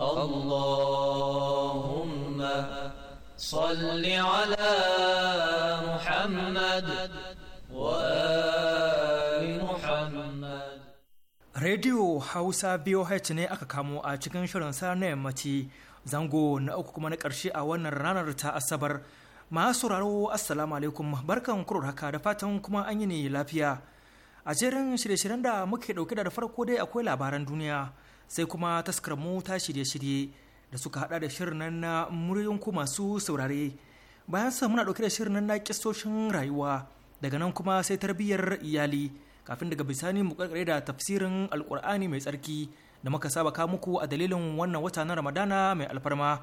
اللهم صل على محمد وآل محمد Radio Hausa VOH ne aka kamo a cikin shirin sa na yammaci zango na uku kuma na ƙarshe a wannan ranar ta Asabar. Masu sauraro Assalamu alaikum barkan kurur haka da fatan kuma an yi ne lafiya. A jerin shirye-shiryen da muke ɗauke da farko dai akwai labaran duniya. sai kuma taskar ta shirye-shirye da suka hada da shirin nan na muryoyin ku masu saurare bayan sa muna dauke da shirin nan na kistoshin rayuwa daga nan kuma sai tarbiyyar iyali kafin daga bisani mu karkare da tafsirin alkur'ani mai tsarki da muka saba ka muku a dalilin wannan wata na ramadana mai alfarma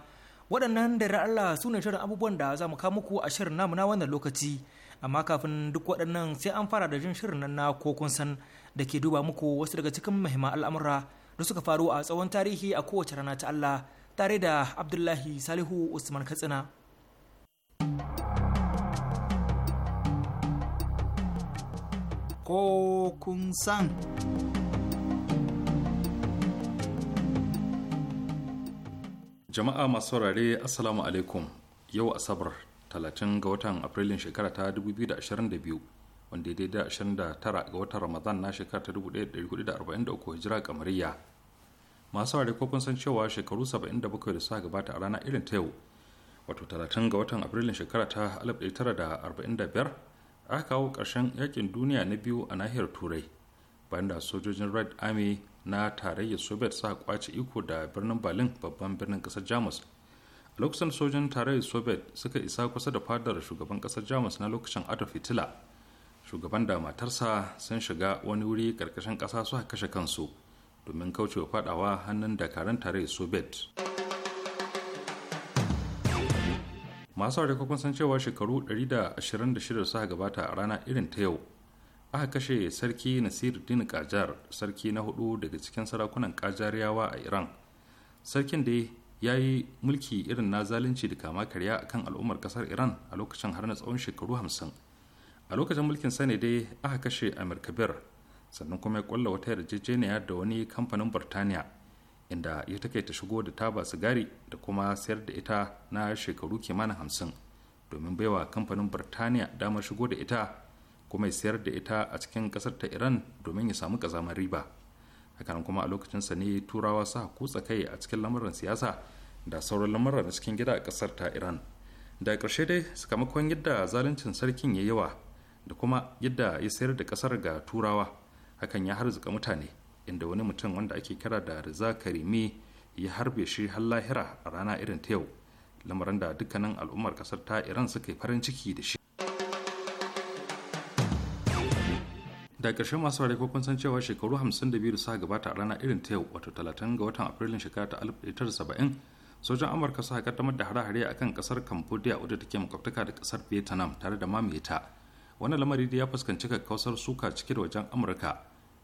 waɗannan da Allah su ne shirin abubuwan da za mu ka muku a shirin namu na wannan lokaci amma kafin duk waɗannan sai an fara da jin shirin nan na kokun san da ke duba muku wasu daga cikin muhimman al'amura da suka faru a tsawon tarihi a kowace rana ta Allah tare da Abdullahi Salihu Usman Katsina. Ko kun san. Jama'a masu saurare Assalamu alaikum yau Asabar 30 ga watan Afrilun shekara ta 2022 wanda ya da 29 ga watan ramadan na shekara ta 1443 hijira kamariya masu ware ko kun san cewa shekaru 77 da suka gabata a rana irin ta yau wato talatin ga watan afrilun shekara ta 1945 aka kawo ƙarshen yakin duniya na biyu a nahiyar turai bayan da sojojin red army na tarayyar soviet suka kwace iko da birnin berlin babban birnin ƙasar jamus a lokacin sojin tarayyar soviet suka isa kusa da fadar shugaban ƙasar jamus na lokacin adolf hitler shugaban da matarsa sun shiga wani wuri karkashin ƙasa su kashe kansu domin kaucewa fadawa hannun dakarun tare soviet masu kwakwan san cewa shekaru 126 suka gabata a rana irin ta yau aka kashe sarki nasiruddin kajar sarki na hudu daga cikin sarakunan kajariyawa a iran sarkin da ya yi mulki irin na zalunci da kama karya akan al'ummar kasar iran a lokacin har na tsawon shekaru hamsin a lokacin mulkin sani dai aka kashe amir kabir sannan kuma ya kwalla wata yarjejeniya da wani kamfanin burtaniya inda ya takaita shigo da taba sigari da kuma sayar da ita na shekaru kimanin hamsin domin baiwa kamfanin burtaniya damar shigo da ita kuma ya sayar da ita a cikin kasar ta iran domin ya samu kazamar riba hakanan kuma a lokacin sa ne turawa sa kutsa kai a cikin lamuran siyasa da sauran lamuran na cikin gida a kasar ta iran da karshe dai sakamakon yadda zaluncin sarkin ya yawa da kuma yadda ya sayar da kasar ga turawa hakan ya harzuka mutane inda wani mutum wanda ake kira da riza karimi ya harbe shi har lahira a rana irin ta yau lamarin da dukkanin al'ummar kasar ta iran suka yi farin ciki da shi da ƙarshen masu ware kun san cewa shekaru 52 da suka gabata a rana irin ta yau wato 30 ga watan afrilun shekara ta 1970 sojan amurka suka kaddamar da hare-hare akan kasar cambodia wadda take makwabtaka da kasar vietnam tare da mamaye ta wannan lamari da ya fuskanci kakkausar suka cike da wajen amurka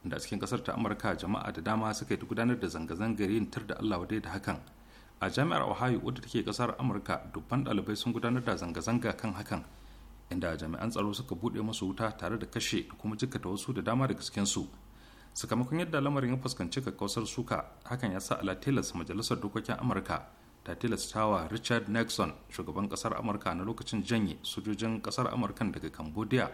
da cikin kasar ta amurka jama'a da dama suka yi gudanar da zanga-zangar yin tar da allah wadai da hakan a jami'ar ohio wadda take kasar amurka dubban ɗalibai sun gudanar da zanga-zanga kan hakan inda jami'an tsaro suka buɗe musu wuta tare da kashe da kuma jikkata wasu da dama daga cikin su sakamakon yadda lamarin ya fuskanci kakkausar suka hakan ya sa ala majalisar dokokin amurka ta tilastawa richard nixon shugaban kasar amurka na lokacin janye sojojin kasar amurkan daga cambodia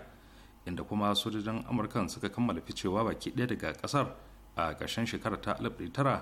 inda kuma sojojin amurkan suka kammala ficewa baki ɗaya daga kasar a ƙarshen shekara ta 1970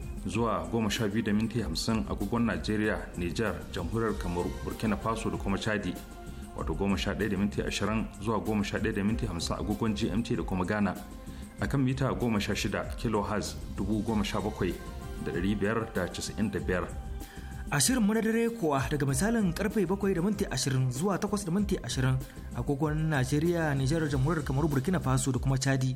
zuwa 12:50 agogon Najeriya, Nijar, Jamhuriyar Kamaru, Burkina Faso da kuma Chadi. Wato 11:20 zuwa 11:50 agogon GMT da kuma Ghana. A kan mita 16 kHz 17,595. Ashirin mu na dare kuwa daga misalin karfe bakwai da minti ashirin zuwa takwas da minti ashirin agogon Najeriya, Nijar, Jamhuriyar Kamaru, Burkina Faso da kuma Chadi.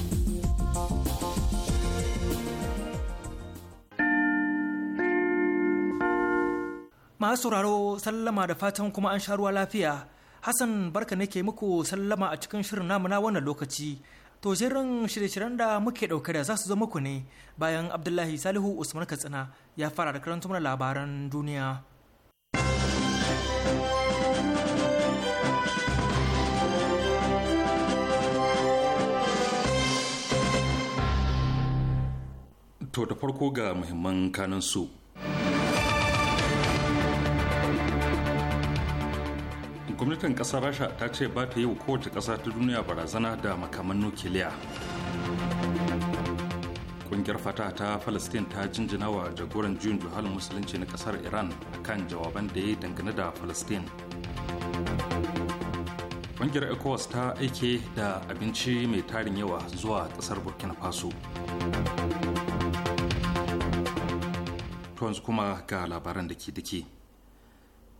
masu sauraro sallama da fatan kuma an sha ruwa lafiya hassan barka nake muku sallama a cikin shirin namu na wannan lokaci to shirin shirye-shiryen da muke dauke da za su zo muku ne bayan abdullahi salihu usman katsina ya fara da karanta mana labaran duniya To da farko ga muhimman kanan su gwamnatin ƙasar rasha ta ce ba ta yi wa kowace kasa ta duniya barazana da makaman nukiliya ƙungiyar fata ta palestine ta jinjina wa jagoran juyin juhal musulunci na ƙasar iran akan jawaban da ya yi dangane da palestine ƙungiyar ecowas ta aike da abinci mai tarin yawa zuwa ƙasar burkina faso to kuma ga labaran da ke dake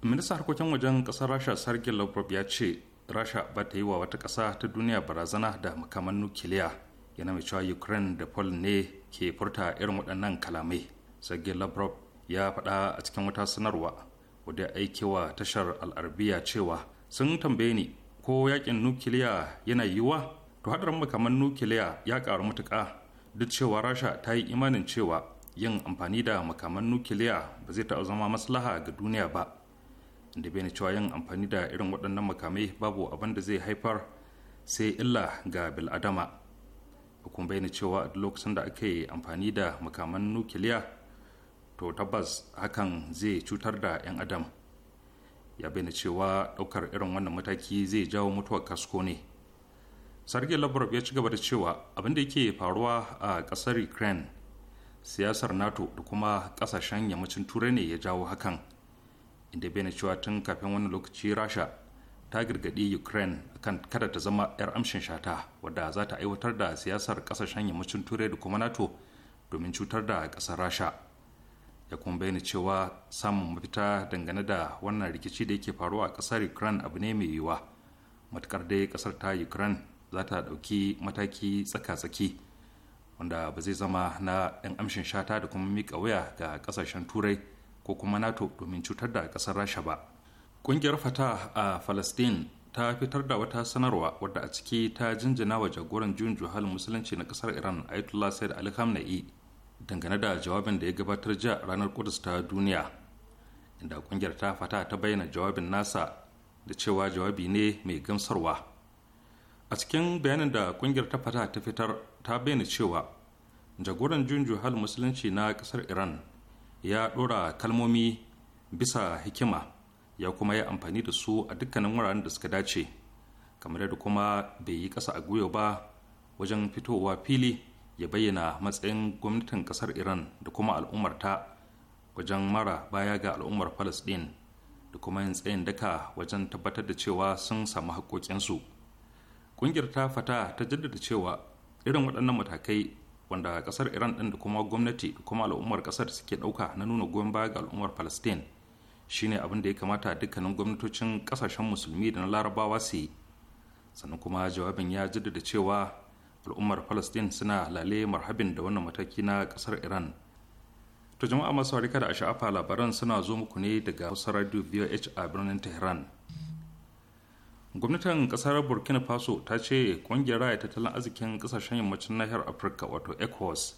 ministan harkokin wajen kasar rasha sergei lavrov ya ce rasha ba ta yi wa wata ƙasa ta duniya barazana da makaman nukiliya yana mai cewa ukraine da poland ne ke furta irin waɗannan kalamai sergei lavrov ya faɗa a cikin wata sanarwa wadda aike wa tashar al'arbiya cewa sun tambaye ni ko yakin nukiliya yana yiwuwa to haɗarin makaman nukiliya ya ƙaru matuƙa duk cewa rasha ta yi imanin cewa yin amfani da makaman nukiliya ba zai taɓa zama maslaha ga duniya ba da bai cewa yin amfani da irin waɗannan makamai babu abin da zai haifar sai illa ga biladama hukum bai cewa a lokacin da ake amfani da makaman nukiliya to tabbas hakan zai cutar da 'yan adam ya bayyana cewa ɗaukar irin wannan mataki zai jawo mutuwar kasko ne sarki labarab ya ci gaba da cewa abin da yake faruwa a ƙasar ukraine siyasar nato da kuma ƙasashen yammacin turai ne ya jawo hakan inda bayyana cewa tun kafin wani lokaci rasha ta gargaɗi ukraine kan kada ta zama 'yar amshin shata wadda za ta aiwatar da siyasar kasashen yammacin turai da kuma nato domin cutar da ƙasar rasha ya kuma bayyana cewa samun mafita dangane da wannan rikici da yake faruwa a ƙasar ukraine abu ne mai yiwuwa matukar dai kasar ta ukraine za ta ɗauki mataki tsaka-tsaki wanda ba zai zama na 'yan amshin shata da kuma miƙa waya ga ƙasashen turai ko kuma nato domin cutar da ƙasar rasha ba ƙungiyar fata a falastin ta fitar da wata sanarwa wadda a ciki ta jinjina wa jagoran juyin juhal musulunci na ƙasar iran ayatollah said ali khamenei dangane da jawabin da ya gabatar jiya ranar kudus ta duniya inda ƙungiyar ta fata ta bayyana jawabin nasa da cewa jawabi ne mai gamsarwa a cikin bayanin da ƙungiyar ta fata ta fitar ta bayyana cewa jagoran juyin juhal musulunci na ƙasar iran ya ɗora kalmomi bisa hikima ya kuma yi amfani da su a dukkanin wuraren da suka dace kamar da kuma bai yi ƙasa a gwiwa ba wajen fitowa fili ya bayyana matsayin gwamnatin ƙasar iran da kuma al'ummarta wajen mara baya ga al'ummar palestine da kuma yin tsayin daka wajen tabbatar da cewa sun samu haƙoƙinsu ƙungiyar ta fata ta jaddada cewa irin waɗannan matakai wanda kasar iran din da kuma gwamnati da kuma al'ummar kasar suke dauka na nuna goyon baya ga al'ummar palestine shine abin da ya kamata dukkanin gwamnatocin kasashen musulmi da na larabawa su yi sannan kuma jawabin ya jaddada cewa al'ummar palestine suna lale marhabin da wannan mataki na kasar iran to jama'a masu harika da a sha'afa labaran suna zo muku ne daga hausa radio voh a birnin tehran gwamnatin kasar burkina faso ta ce kungiyar raya tattalin arzikin kasashen yammacin nahiyar afirka wato ecowas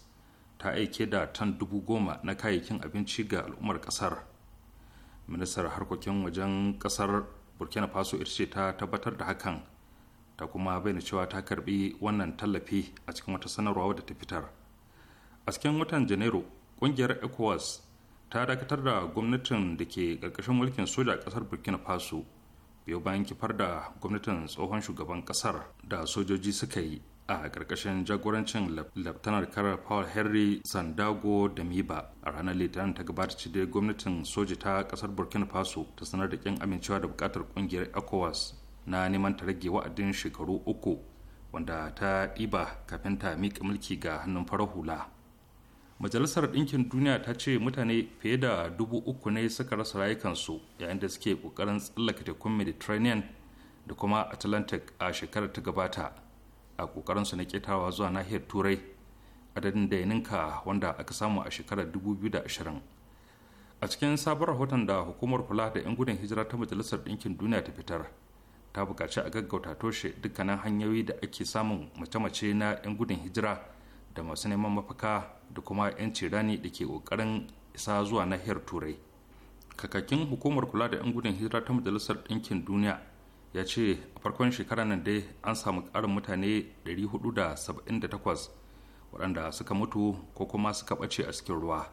ta aike da tan dubu goma na kayayyakin abinci ga al'ummar kasar ministar harkokin wajen kasar burkina faso ita ce ta tabbatar da hakan ta kuma bayyana cewa ta karbi wannan tallafi a cikin wata sanarwa wadda ta fitar a cikin watan janairu kungiyar ecowas ta dakatar da gwamnatin da ke ƙarƙashin mulkin soja a ƙasar burkina faso biyo bayan kifar da gwamnatin tsohon shugaban kasar da sojoji suka yi a ƙarƙashin jagorancin laftanar karar paul henry sandago da miba a ranar litinin ta gabata da gwamnatin soji ta ƙasar burkina faso ta sanar da ƙin amincewa da buƙatar ƙungiyar ecowas na neman ta rage wa'adin shekaru uku wanda ta ɗiba kafin ta miƙa mulki ga hannun farar hula majalisar ɗinkin duniya ta ce mutane fiye da dubu uku ne suka rasa rayukansu yayin da suke ƙoƙarin tsallaka tekun mediterranean da kuma atlantic a shekarar ta gabata a ƙoƙarinsu na ƙetawa zuwa nahiyar turai adadin da ya ninka wanda aka samu a shekarar 2020 a cikin sabon rahoton da hukumar kula da 'yan gudun hijira ta majalisar ɗinkin duniya ta fitar ta buƙaci a gaggauta toshe dukkanin hanyoyi da ake samun mace-mace na 'yan gudun hijira da masu neman mafaka da kuma 'yanci rani da ke kokarin isa zuwa nahiyar turai kakakin hukumar kula da 'yan gudun hijira ta majalisar ɗinkin duniya ya ce a farkon shekara nan dai an samu ƙarin mutane 478 waɗanda suka mutu ko kuma suka ɓace a cikin ruwa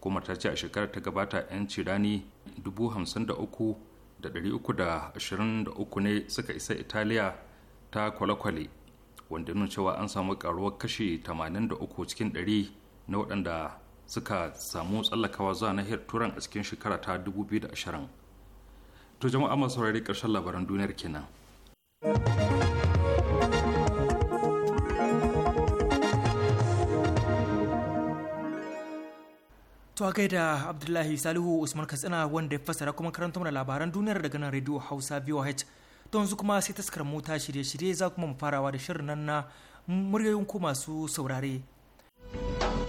hukumar ta ce a shekarar ta gabata 'yanci rani 53,323 ne suka isa italiya ta kwale-kwale wanda nuna cewa an samu karuwar kashi 83 cikin 100 na waɗanda suka samu tsallakawa zuwa nahiyar turan a cikin shekara ta 2020 to jama'a masu saurari ƙarshen labaran duniyar kenan To a gaida Abdullahi Salihu Usman Katsina wanda ya fassara kuma karanta mana labaran duniyar daga nan rediyo Hausa VOH. To yanzu kuma sai taskar mota shirye-shirye za kuma mu farawa da shirin nan na muryoyin masu saurare.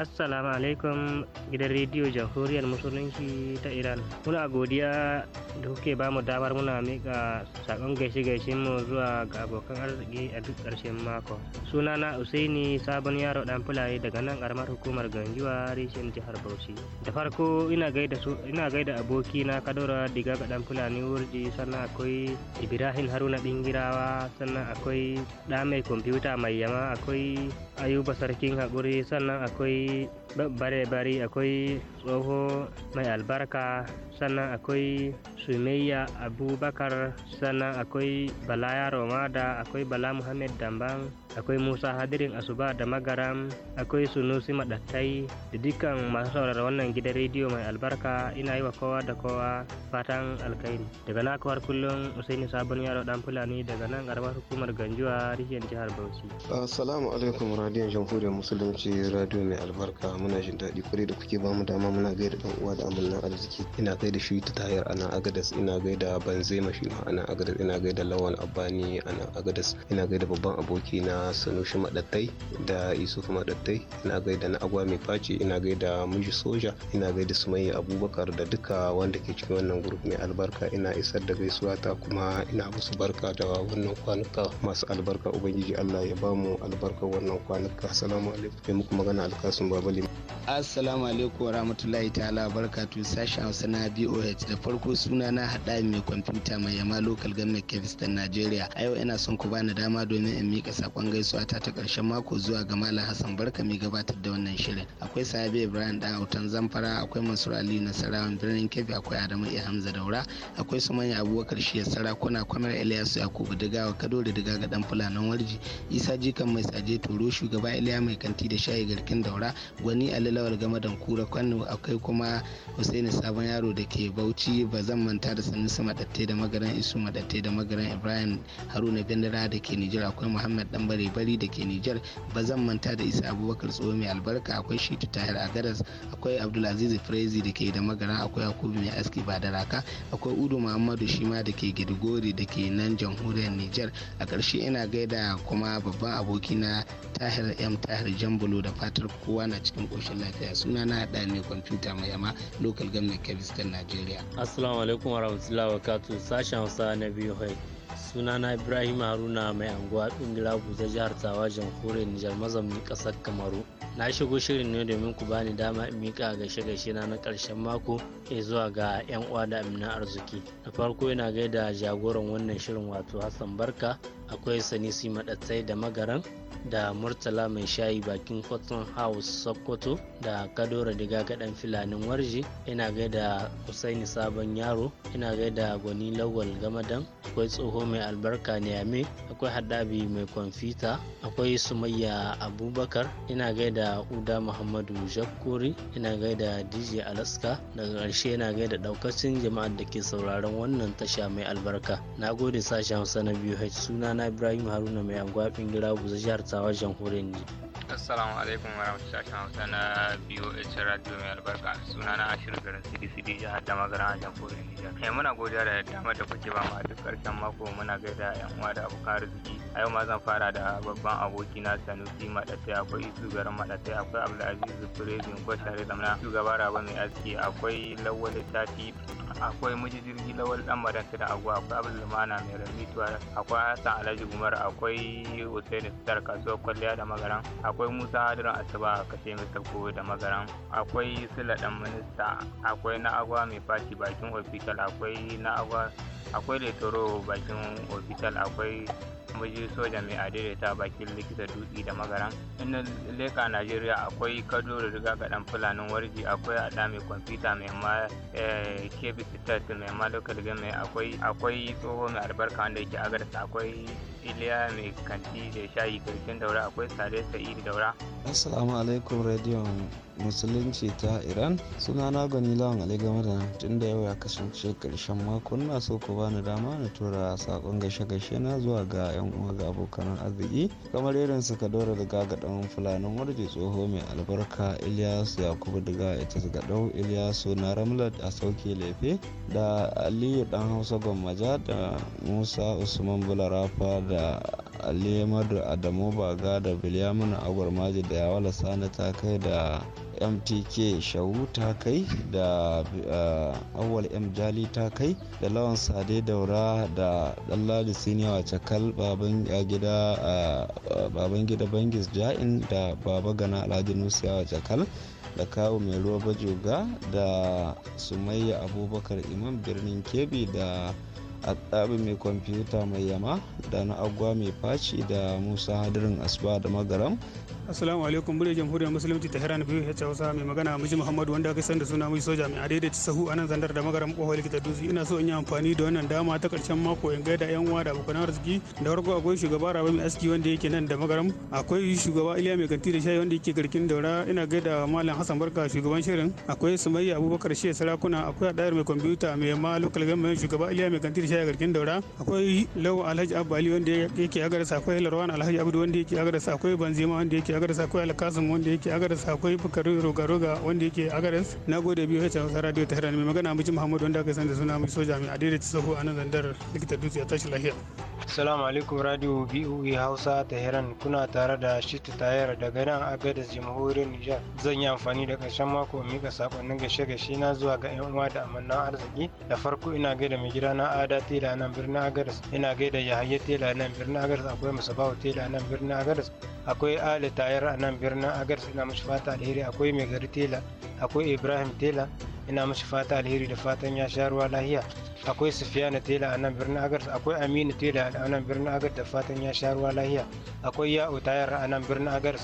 assalamu alaikum gidan rediyo jamhuriyar musulunci ta iran muna godiya da kuke bamu damar muna mika sakon gaishe gaishe mu zuwa ga abokan arziki a duk karshen mako sunana usaini sabon yaro dan fulani daga nan karamar hukumar ganjuwa reshen jihar bauchi da farko ina gaida su ina gaida aboki na kadora diga ga dan fulani wurji sannan akwai ibrahim haruna dingirawa sannan akwai da mai kwamfuta mai yama akwai ayuba sarkin haƙuri sannan akwai akoy bare bari akoy soho mai albarka sannan akoy sumeya aboubacar sannan akoy bala yaromada akoy bala mohamed dambang akwai musa hadirin asuba da magaram akwai sunusi madattai da dukkan masu saurara wannan gidan rediyo mai albarka ina yi wa kowa da kowa fatan alkhairi daga na kawar kullum usaini sabon yaro dan fulani daga nan karamar hukumar ganjuwa rikiyar jihar bauchi assalamu alaikum radiyon jamhuriyar musulunci radiyo mai albarka muna jin daɗi kwarai da kuke bamu dama muna gaida dan uwa da amanna arziki ina gaida shi ta tayar ana agadas ina gaida banzai mashi ana agadas ina gaida lawan abani ana agadas ina gaida babban aboki na na sanushi madattai da isufu madattai ina gaida na agwa mai faci ina gaida miji soja ina gaida sumayya abubakar da duka wanda ke cikin wannan grup mai albarka ina isar da gaisuwa ta kuma ina musu barka da wannan kwanuka masu albarka ubangiji allah ya bamu albarka wannan kwanuka salamu alaikum muku magana alkasun babali assalamu alaikum warahmatullahi ta'ala barkatu sashen hausa na boh da farko suna na hada mai kwamfuta mai yama local government kebistan nigeria a yau ina son ku bani dama domin in mika sakon gaisuwa ta ta karshen mako zuwa ga malam hassan barka mai gabatar da wannan shirin akwai sabi ibrahim da autan zamfara akwai mansur ali nasarawan birnin kebbi akwai adamu iya hamza daura akwai sumanya abubakar shiya sarakuna kwamar ilyasu yakubu digawa da diga ga dan fulanan warji isa jikan mai saje toro shugaba iliya mai kanti da shayi garkin daura gwani alal lawal game da kura kwano akwai kuma Hussaini sabon yaro da ke Bauchi ba zan manta da su Madatte da magaran Isu Madatte da magaran Ibrahim Haruna Gandara da ke Nijar akwai Muhammad Dan Bare Bari da ke Nijar ba zan manta da Isa Abubakar Tsoho mai albarka akwai Shitu Tahir Agadas akwai Abdulaziz Frezi da ke da magaran akwai Yakubu mai aski ba da raka akwai Udu Muhammadu shima da ke Gidigori da ke nan jamhuriyar Nijar a ƙarshe ina gaida kuma babban abokina Tahir M Tahir Jambulo da fatar kowa na cikin ƙoshin lafiya suna na haɗa mai kwamfuta mai yama local government ta nigeria assalamu alaikum warahmatullahi wabarakatuh sashen hausa na biyu hai na ibrahim haruna mai anguwa bingila buza jihar tawa jamhuriyar nijar mazamni kasar kamaru na shigo shirin ne domin ku bani dama in mika gaishe gaishe na na karshen mako e zuwa ga yan uwa da amina arziki na farko yana gaida jagoran wannan shirin wato hassan barka akwai sanisi madatsai da magaran da murtala mai shayi bakin cotton house sokoto da kadora diga gadan filanin warji ina gaida husaini sabon yaro ina gaida gwani lawal gamadan akwai tsoho mai albarka niyame akwai hadabi mai kwamfita akwai sumayya abubakar ina gaida uda muhammadu jakkori ina gaida dj alaska daga ƙarshe ina gaida daukacin jama'ar da ke sauraron wannan tasha mai albarka na gode sashen hausa na biyu h suna na ibrahim haruna mai angwa bingira buza jihar matsa wajen hurin Assalamu alaikum wa rahmatullahi wa hausa na BOH Radio mai albarka suna na ashirin garin CDCD jihar magana a jamhuriyar Nijar. Eh muna godiya da damar da kuke ba mu a duk karshen mako muna gaida yan uwa da abokan arziki. A yau ma zan fara da babban aboki na Sanusi Madatai akwai Isu garin Madatai akwai Abdulaziz Firezin Kwashare Damna shugaba rabo mai aski akwai Lawal Tafi akwai mujijirgi Lawal Dan Madanka da Agwa akwai Abdulmana mai rami tuwa akwai Hassan Alhaji Umar akwai Hussein Star kasuwar kwalliya da magana akwai akwai musa hadirin asuba kashe mista ko da magaran akwai sila dan minista akwai na agwa mai fashi bakin ofital akwai na agwa akwai letoro bakin ofital akwai maji soja mai adireta bakin likita dutse da magaran inda leka najeriya akwai kado da riga gadan fulanin warji akwai ada mai kwamfuta mai ma eh, kebi sitat mai ma local game akwai akwai tsoho mai albarka wanda yake agarsa akwai iliya mai kanti da shayi kirkin daura akwai sare sa'id da daura assalamu alaikum rediyon musulunci ta iran suna na gani lawan ali game da tun da yau ya kasance karshen mako na so ku bani dama na tura sakon gashe gashe na zuwa ga yan uwa ga abokan arziki kamar irin su kadora daga gadan fulanin warje tsoho mai albarka ilyasu yakubu daga ita gadau ilyasu na ramlat a sauke lefe da aliyu dan hausa gwammaja da musa usman bularafa da alimadu adamu baga da bilyamina agwar maji da yawala sani ta kai da mtk shawu ta kai da eh, awal m jali ta kai da lawan sade daura da ɗanladi siniya cakal baban eh, gida eh, baban gida bangis ja'in da baba gana alhaji nusiya cakal da kawo mai ruwa bajoga da sumayya abubakar imam birnin kebi da atsabi mai kwamfuta mai yama da na agwa mai faci da musa hadirin asuba da magaram assalamu alaikum bude jamhuriyar musulunci ta na biyu ya hausa mai magana miji muhammadu wanda aka san da suna mai soja mai adai ta sahu anan zandar da magaram kohol likita dutse ina so in yi amfani da wannan dama ta karshen mako in gaida yan uwa da abokan arziki da farko akwai shugaba rabe mai aski wanda yake nan da magaram akwai shugaba iliya mai ganti da shayi wanda yake garkin daura ina gaida malam hassan barka shugaban shirin akwai sumayya abubakar shehu sarakuna akwai adayar mai kwamfuta mai ma lokal gama shugaba iliya mai ganti da a garkin daura akwai lau alhaji abba ali wanda yake agarsa akwai larwan alhaji abdu wanda yake agarsa akwai banzima wanda yake agarsa akwai alkasim wanda yake agarsa akwai bukarin roga-roga wanda yake agaras na gode biyu hacin hausa radio ta mai magana mijin muhammadu wanda aka san da suna mai soja mai adai da ci sahu a nan zandar likita dutse a tashi lahiya Assalamu alaikum Radio BOE Hausa Tehran kuna tare da Shitu Tayar daga nan Agadez Jamhuriyar Nijar. Zan yi amfani da ƙarshen mako mika sakonnin gashe gashe na zuwa ga 'yan uwa da amanna arziki. Da farko ina gaida mai gida na Ada tela nan birnin agadas ina gaida yahaya tela nan birnin agadas akwai musabawa tela nan birnin agadas akwai ali tayar a nan birnin agadas ina mashi fata alheri akwai mai gari tela akwai ibrahim tela ina mashi fata alheri da fatan ya sha ruwa lahiya akwai sufiyana tela a nan birnin agar akwai aminu tela a nan birnin agar da fatan ya sha ruwa lahiya akwai ya'u tayar a nan birnin agar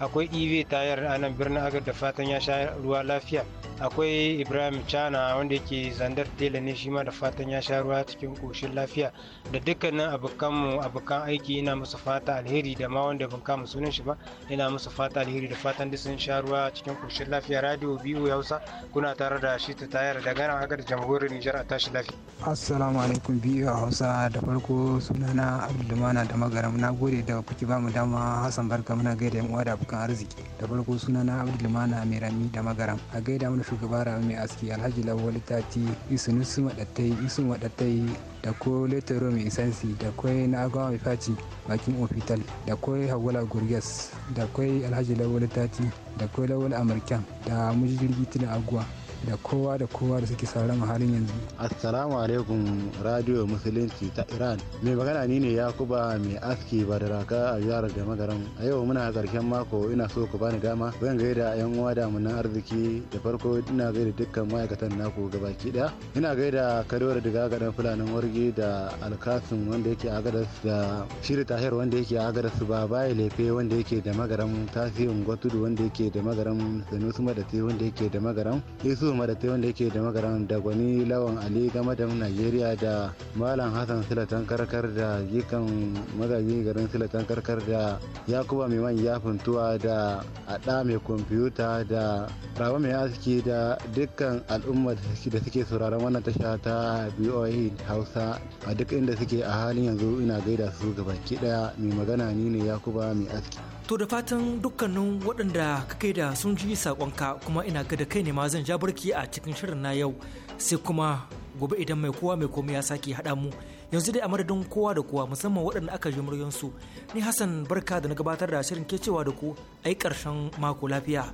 akwai ive tayar a nan birnin agar da fatan ya sha ruwa lafiya akwai ibrahim chana wanda yake zandar tela ne shi ma da fatan ya sha ruwa cikin koshin lafiya da dukkanin abokanmu abokan aiki ina musu fata alheri da ma wanda ban kama sunan shi ba ina musu fata alheri da fatan duk sun sha ruwa cikin koshin lafiya radio biyu yausa kuna tare da shi ta tayar da gana agar jamhuriyar Nijar a tashi lafi. Assalamu alaikum biyu a Hausa da farko sunana Abdulmana da Magaram na gode da kuke ba mu dama Hassan Barka muna gaida yan uwa da abokan arziki da farko sunana Abdulmana Mirami da Magaram a gaida mana shugaba Rabi mai aski Alhaji Lawal Tati Isunusu Madattai Isu da ko Letero mai isansi da kwai na agawa mai faci bakin ofital da kwai Hawala Gurgas da kwai Alhaji Lawal Tati da kwai Lawal Amurkan da mujirgi tuna aguwa da kowa da kowa da suke sauran halin yanzu. Assalamu alaikum Radio Musulunci ta Iran. Mai magana ni ne Yakuba mai aski ba da raka a jihar da magaran A yau muna karshen mako ina so ku bani dama zan gaida yan uwa da mun arziki da farko ina gaida dukkan ma'aikatan naku gabaki daya. Ina gaida Kadore daga gadan Fulanin Wargi da Alkasim wanda yake a gadas da Shiri Tahir wanda yake a gadas Babaye Lefe wanda yake da magaran Tasirin Gwatudu wanda yake da magaran Sanusu Madate wanda yake da magaran. Yusuf da madatai wanda yake da magaran da gwani lawan ali game da najeriya da malam hassan silatan karkar da jikan magajin garin silatan karkar da yakuba mai man yafin tuwa da ada mai kwamfuta da raba mai aski da dukkan al'ummar da suke sauraron wannan tasha ta BOE hausa a duk inda suke a halin yanzu ina gaida su baki daya mai magana ni ne yakuba mai aski To da fatan dukkanin waɗanda kai da sun ji saƙonka kuma ina ga da kai ne ma zan ja barki a cikin shirin na yau sai kuma gobe idan mai kowa mai komai ya sake haɗa mu yanzu dai a madadin kowa da kowa musamman waɗanda aka ji muryansu ni Hassan barka da na gabatar da shirin ke cewa da ku a yi ƙarshen mako lafiya.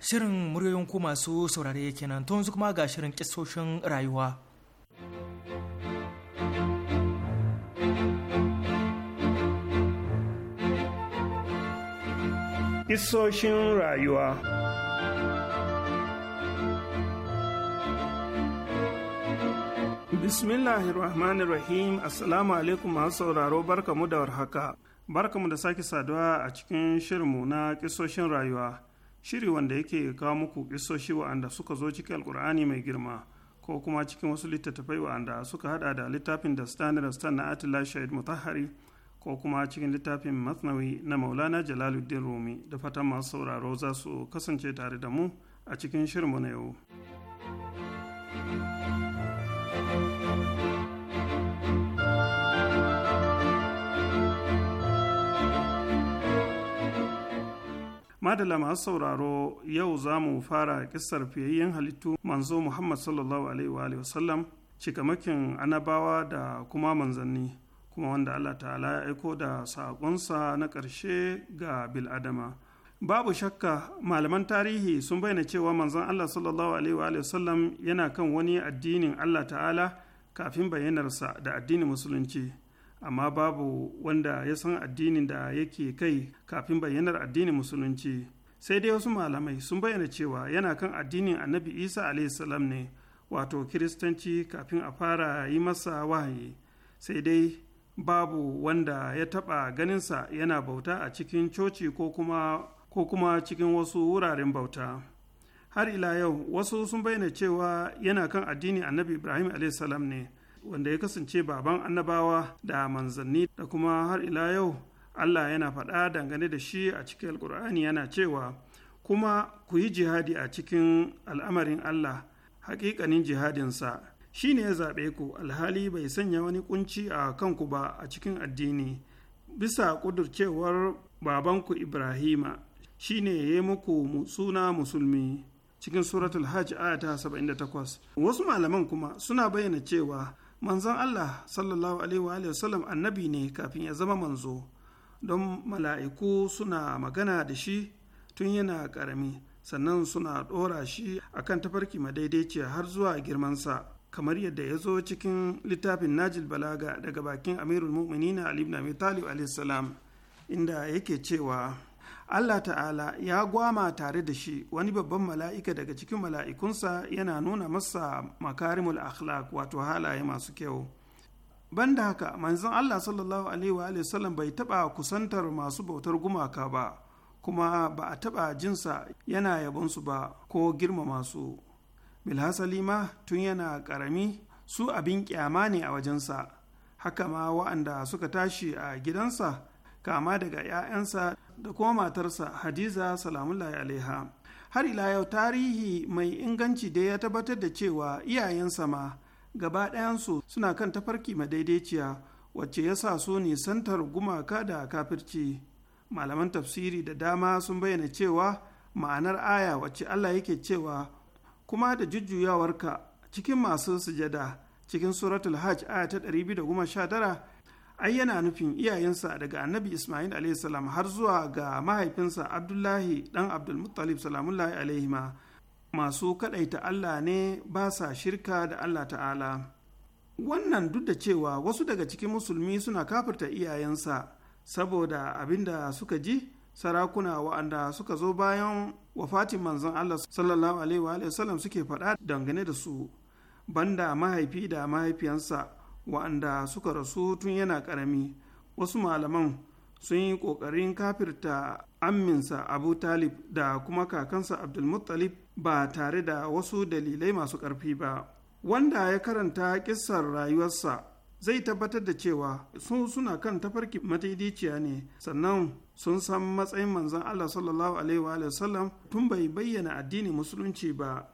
Shirin muryoyin ku masu saurare kenan to yanzu kuma ga shirin kisoshin rayuwa. Kisoshin rayuwa Bismillahirrahmanirrahim Assalamu alaikum masu sauraro barkamu da warhaka. Barkamu da sake saduwa a cikin shirinmu na kisoshin rayuwa. Shiri wanda yake kawo muku kisoshi wa'anda suka zo cikin alkur'ani mai girma ko kuma cikin wasu littattafai wa'anda suka hada da littafin da standard na Atila Mutahari. ko kuma cikin littafin masnawi na maulana jalaluddin rumi da fatan masu sauraro za su kasance tare da mu a cikin shirinmu na yau madala masu sauraro yau za mu fara kisar fiyayyen halittu manzo muhammad sallallahu alaihi wa sallam cikamakin anabawa da kuma manzanni kuma wanda allah ta'ala ya aiko da saƙonsa na ƙarshe ga bil'adama babu shakka malaman tarihi sun bayyana cewa manzon allah sallallahu alaihi wa sallam yana kan wani addinin allah ta'ala kafin bayyanarsa da addinin musulunci amma babu wanda ya san addinin da yake kai kafin bayyanar addinin musulunci sai dai wasu malamai sun bayyana cewa yana kan addinin annabi isa salam ne wato kiristanci kafin a fara yi masa wahayi sai dai babu wanda ya taɓa ganinsa yana bauta a cikin coci ko kuma cikin wasu wuraren bauta har ila yau wasu sun bayyana cewa yana kan addini annabi ibrahim salam ne wanda ya kasance baban annabawa da manzanni da kuma har ila yau allah yana faɗa dangane da shi a cikin alkur'ani yana cewa kuma ku yi jihadi a cikin al'amarin allah haƙiƙanin jihadinsa shi ne ya zaɓe ku alhali bai sanya wani kunci a kanku ba a cikin addini bisa ƙudurcewar babanku ibrahima shi ne ya yi muku suna musulmi cikin suratul hajj aya ta 78 wasu malaman kuma suna bayyana cewa manzon allah sallallahu alaihi wasallam annabi ne kafin ya zama manzo don mala'iku suna magana da shi tun yana ƙarami sannan suna ɗora shi akan tafarki madaidaiciya har zuwa girmansa kamar yadda ya zo cikin littafin najil balaga daga bakin amirul mu'minina ali ibn abi talib salam inda yake cewa Allah ta'ala ya gwama tare da shi wani babban mala'ika daga cikin mala'ikunsa yana nuna masa makarimul akhlaq wato halaye masu kyau banda haka manzon Allah sallallahu alaihi wa sallam bai taba kusantar masu bautar gumaka ba kuma ba a taba jinsa yana yabonsu ba ko girmama su bilhassali ma tun yana karami su abin kyama ne a wajensa haka ma wa'anda suka tashi a gidansa kama daga 'ya'yansa da kuma matarsa hadiza salamullahi alaiha har ila yau tarihi mai inganci dai ya tabbatar da cewa iyayen sama gaba ɗayansu suna kan tafarki madaidaiciya wacce ya sa su nisantar gumaka da kafirci malaman tafsiri da dama sun bayyana cewa ma'anar aya wacce allah yake cewa kuma da jujjuyawarka cikin masu sujada cikin suratul hajj aya ta 219 ai yana nufin iyayensa daga annabi ismail alaihissalam har zuwa ga mahaifinsa abdullahi dan abdulmuttalib salamullahi alaihi ma masu kadaita allah ne ba sa shirka da allah ta'ala wannan duk da cewa wasu daga cikin musulmi suna kafirta iyayensa saboda abin da suka ji sarakuna wa'anda suka zo bayan wafatin manzon Allah sallallahu alaihi wa sallam suke faɗa dangane da su banda mahaifi da mahaifiyansa wa'anda suka rasu tun yana ƙarami wasu malaman sun yi ƙoƙarin kafirta amminsa abu talib da kuma kakansa abdulmuttalib ba tare da wasu dalilai masu ƙarfi ba wanda ya karanta ƙisar rayuwarsa zai tabbatar da cewa sun suna kan tafarki mataidiciya ne sannan sun san matsayin manzon Allah sallallahu alaihi wa sallam tun bai bayyana addinin musulunci ba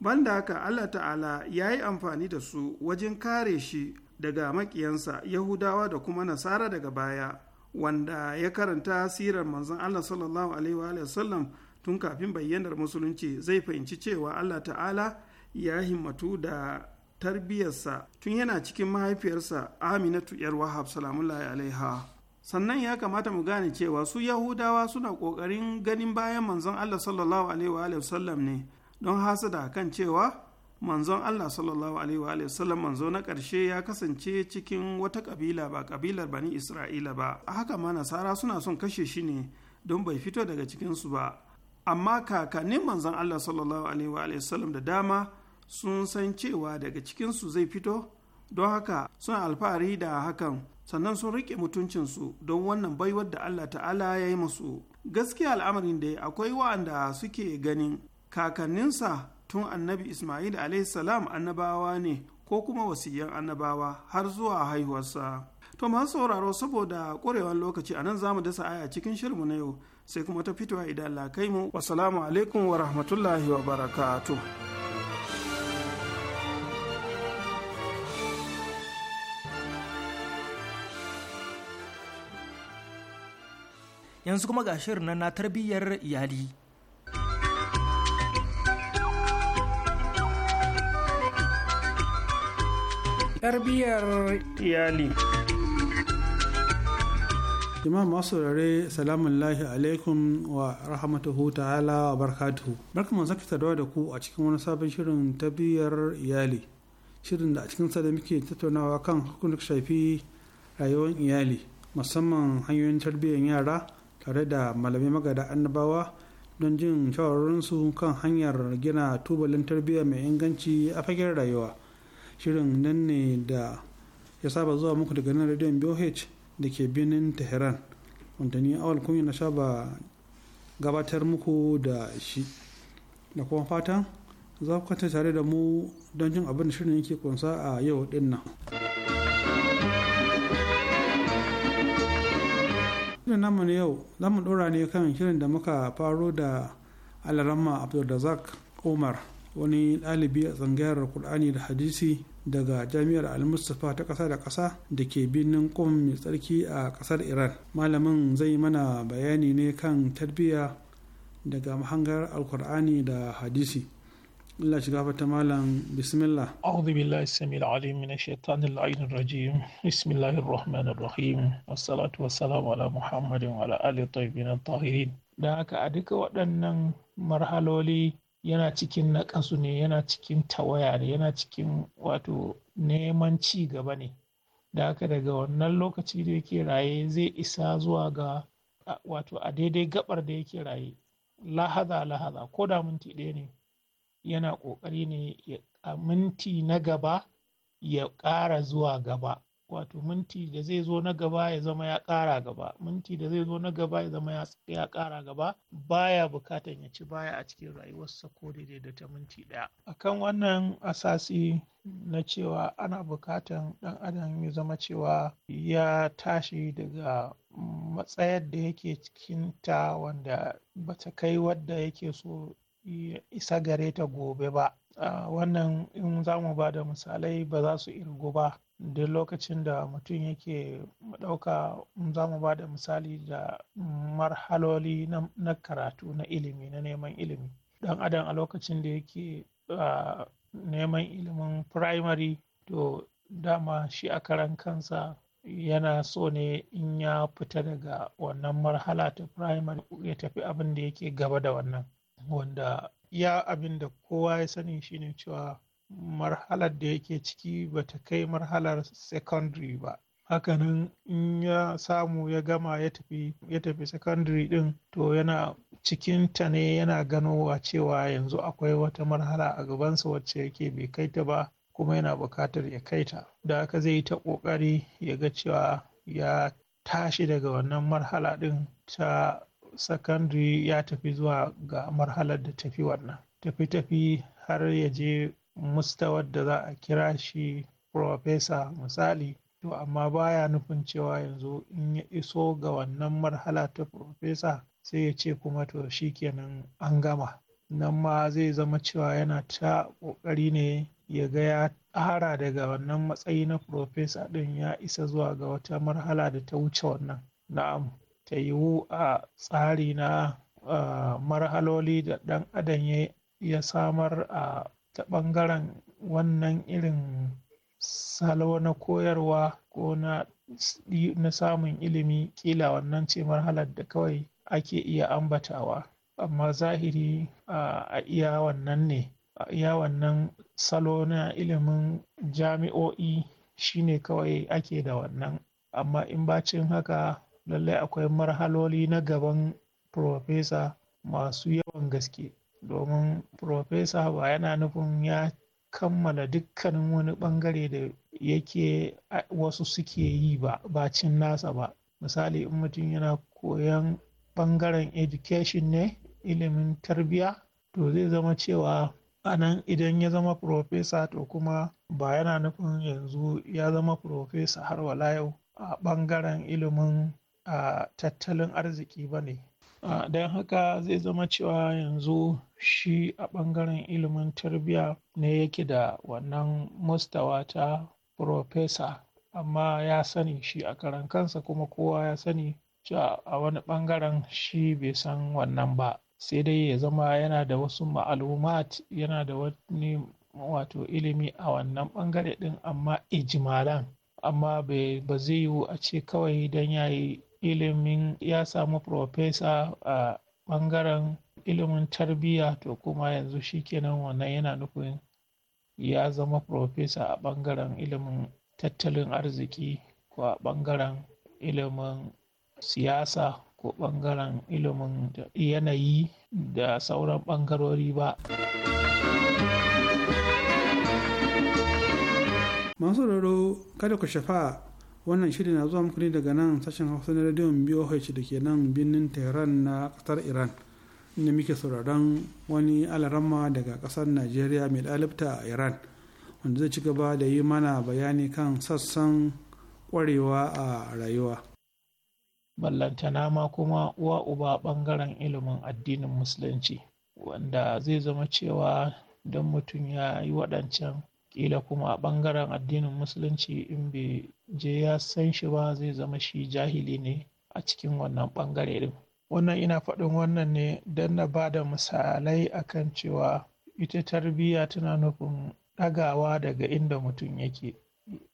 banda haka Allah ta'ala ya yi amfani da su wajen kare shi daga makiyansa yahudawa da kuma nasara daga baya wanda ya karanta sirar manzon Allah sallallahu alaihi wa sallam tun kafin bayyanar musulunci zai fahimci cewa Allah ta'ala ya himmatu da tarbiyarsa tun yana cikin mahaifiyarsa aminatu yar wahab salamullahi alaiha sannan ya kamata mu gane cewa su yahudawa suna ƙoƙarin ganin bayan manzon allah sallallahu alaihi wa sallam ne don hasada kan cewa manzon allah sallallahu alaihi wa sallam manzo na ƙarshe ya kasance cikin wata ƙabila ba ƙabilar bani isra'ila ba haka ma nasara suna son kashe shi ne don bai fito daga cikinsu ba amma kakannin manzon allah sallallahu alaihi wa sallam da dama sun san cewa daga cikinsu zai fito don haka sun alfahari da hakan sannan sun rike mutuncinsu don wannan baiwar da allah ta'ala ya yi musu gaskiya al'amarin da akwai wa'anda suke ganin kakanninsa tun annabi ismail salam annabawa ne ko kuma wasiyan annabawa har zuwa haihuwarsa to masu sauraro saboda ƙwarewar lokaci a nan za mu dasa aya cikin shirmu na yau sai kuma ta fitowa idan kai mu wasalamu alaikum wa rahmatullahi wa barakatuh yanzu kuma ga shirin na tarbiyyar iyali tarbiyyar iyali jama'a masu rare salamun lahi alaikum wa rahmatuhu ta'ala wa barkatuhu barka mu zaki saduwa da ku a cikin wani sabon shirin tabiyar iyali shirin da a cikin sa da muke tattaunawa kan hukumar shafi rayuwar iyali musamman hanyoyin tarbiyyar yara tare da malami magada annabawa don jin shawarwarinsu kan hanyar gina tubalin tarbiyya mai inganci a fagen rayuwa shirin nan ne da ya saba zuwa muku daga nan radiyon boh da ke birnin tehran wanda ni awal kunya na saba gabatar muku da shi da kuma fatan za ku tare da mu don jin abin da shirin yake kunsa a yau din nan. shirin namu na yau za mu dora ne kan shirin da muka faro da alarama abdulrazak umar wani ɗalibi a tsangayar kur'ani da hadisi daga jami'ar al-mustapha ta ƙasa da ƙasa da ke birnin kom mai tsarki a ƙasar iran malamin zai mana bayani ne kan tarbiyya daga mahangar alkur'ani da hadisi Allah shiga fata malam bismillah. A'udhu billahi samil alim min shaitanir la'in rajim. Bismillahir rahmanir rahim. Wassalatu wassalamu ala Muhammadin wa ala alihi tayyibin tahirin. Da haka a duka waɗannan marhaloli yana cikin naƙasu ne yana cikin tawaya ne yana cikin wato neman ci gaba ne. Da haka daga wannan lokaci da yake raye zai isa zuwa ga wato a daidai gabar da yake raye lahaza lahaza ko da minti ɗaya ne yana ƙoƙari ne a minti na gaba ya ƙara zuwa gaba wato minti da zai zo na gaba ya zama ya ƙara gaba minti da zai zo na gaba ya zama ya ƙara gaba baya bukatan ya ci baya a cikin rayuwarsa ko daidai da ta minti ɗaya A kan wannan asasi na cewa ana bukatan ɗan adam ya zama cewa ya tashi daga matsayar da yake cikin ta wanda bata kai wadda yake so isa gare ta gobe ba wannan in za mu ba da misalai ba za su irgu ba duk lokacin da mutum yake ɗauka za mu ba da misali da marhaloli na karatu na ilimi na neman ilimi Don adam a lokacin da yake neman ilimin primary to dama shi a karan kansa yana so ne in ya fita daga wannan marhala ta primary ya tafi abin da yake gaba da wannan wanda ya abin da kowa ya sani shine cewa marhalar da yake ciki ba ta kai marhalar secondary ba hakanan in ya samu ya gama ya tafi sakandare secondary din to yana cikin ta ne yana ganowa cewa yanzu akwai wata marhala a gabansa wacce yake bai kai ta ba kuma yana bukatar ya kai ta da haka zai yi ta ƙoƙari ya ga cewa ya tashi daga wannan marhala din ta secondary ya tafi zuwa ga marhalar da tafi wannan tafi-tafi har ya je mustawar da za a kira shi profesa misali to amma baya nufin cewa yanzu in ya iso ga wannan marhala ta profesa sai ya ce kuma to kenan an gama nan ma zai zama cewa yana ta ƙoƙari ne ya ga ya ƙara daga wannan matsayi na profesa ɗin ya isa zuwa ga wata marhala da ta wuce wannan na'am ta yiwu a tsari na marhaloli da ɗan adam ya samar a ta ɓangaren wannan irin salo na koyarwa ko na samun ilimi kila wannan ce marhalar da kawai ake iya ambatawa amma zahiri a iya wannan ne a iya wannan salo na ilimin jami'o'i shine kawai ake da wannan amma in bacin haka lallai akwai marhaloli na gaban profesa masu yawan gaske domin profesa ba yana nufin ya kammala dukkanin wani bangare da yake wasu suke yi ba bacin nasa ba misali in mutum yana koyon bangaren education ne ilimin tarbiyya to zai zama cewa anan idan ya zama profesa to kuma ba yana nufin yanzu ya zama profesa har wala yau a bangaren ilimin a tattalin arziki ba ne don haka zai zama cewa yanzu shi a ɓangaren ilimin tarbiyya ne yake da wannan mustawa ta profesa amma ya sani shi a karan kansa kuma kowa ya sani cewa a wani bangaren shi bai san wannan ba sai dai ya zama yana da wasu ma'alumat yana da wani wato ilimi a wannan ɓangare ɗin amma ijimalan amma ba zai yiwu a ce kawai don ya yi ilimin ya samu profesa a bangaren ilimin tarbiyya to kuma yanzu shi shikenan wannan yana nufin ya zama profesa a bangaren ilimin tattalin arziki ko a bangaren ilimin siyasa ko bangaren ilimin yanayi da sauran bangarori ba. masu raro kada ku shafa wannan shirin na zuwa muku ne daga nan sashen hausa na rediyon boh da ke nan birnin tehran na kasar iran inda muke sauraron wani alarama daga kasar najeriya mai dalibta a iran wanda zai ci gaba da yi mana bayani kan sassan kwarewa a rayuwa ballantana ma kuma uwa uba bangaren ilimin addinin musulunci wanda zai zama cewa don mutum ya yi waɗancan kila kuma a ɓangaren addinin musulunci in bai je ya san shi ba zai zama shi jahili ne a cikin wannan ɓangare din wannan ina faɗin wannan ne don na ba da misalai akan cewa ita tarbiyya tana nufin ɗagawa daga inda mutum yake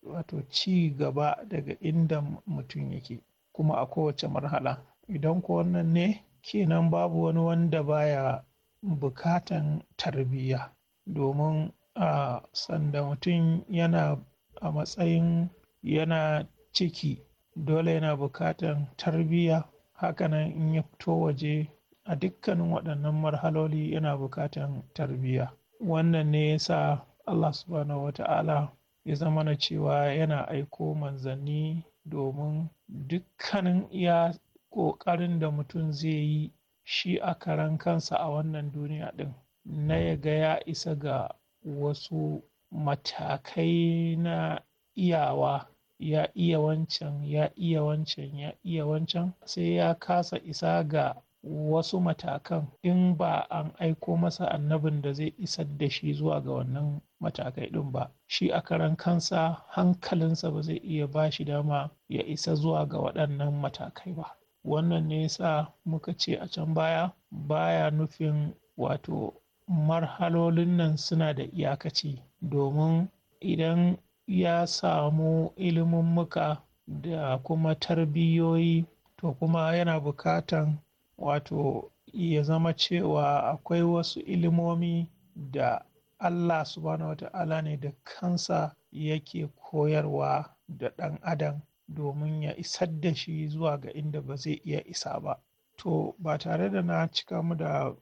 wato ci gaba daga inda mutum yake kuma a kowace marhala idan ko wannan ne kenan babu wani wanda baya bukatan tarbiyya domin a sanda mutum yana a matsayin yana ciki dole yana bukatan tarbiyya hakanan in ya fito waje a dukkanin waɗannan marhaloli yana bukatan tarbiyya wannan ne sa, Allah subhanahu wa ta'ala ya zama na cewa yana aiko manzanni domin dukkanin iya ƙoƙarin da mutum zai yi shi a karan kansa a wannan duniya ɗin na ya ga ya isa ga wasu matakai na iyawa ya iya wancan ya iya wancan ya iya wancan sai ya kasa isa ga wasu matakan in ba an aiko masa annabin da zai isar da shi zuwa ga wannan matakai ɗin ba shi a karan kansa hankalinsa ba zai iya ba shi dama ya isa zuwa ga waɗannan matakai ba wannan ne sa muka ce a can baya baya nufin wato marhalolin nan suna da iyakaci domin idan ya samu muka da kuma tarbiyoyi to kuma yana bukatan wato ya zama cewa akwai wasu ilimomi da Allah subhanahu wata'ala ne da kansa yake koyarwa da ɗan adam domin ya isar da shi zuwa ga inda ba zai iya isa ba. To ba tare da na cika mu da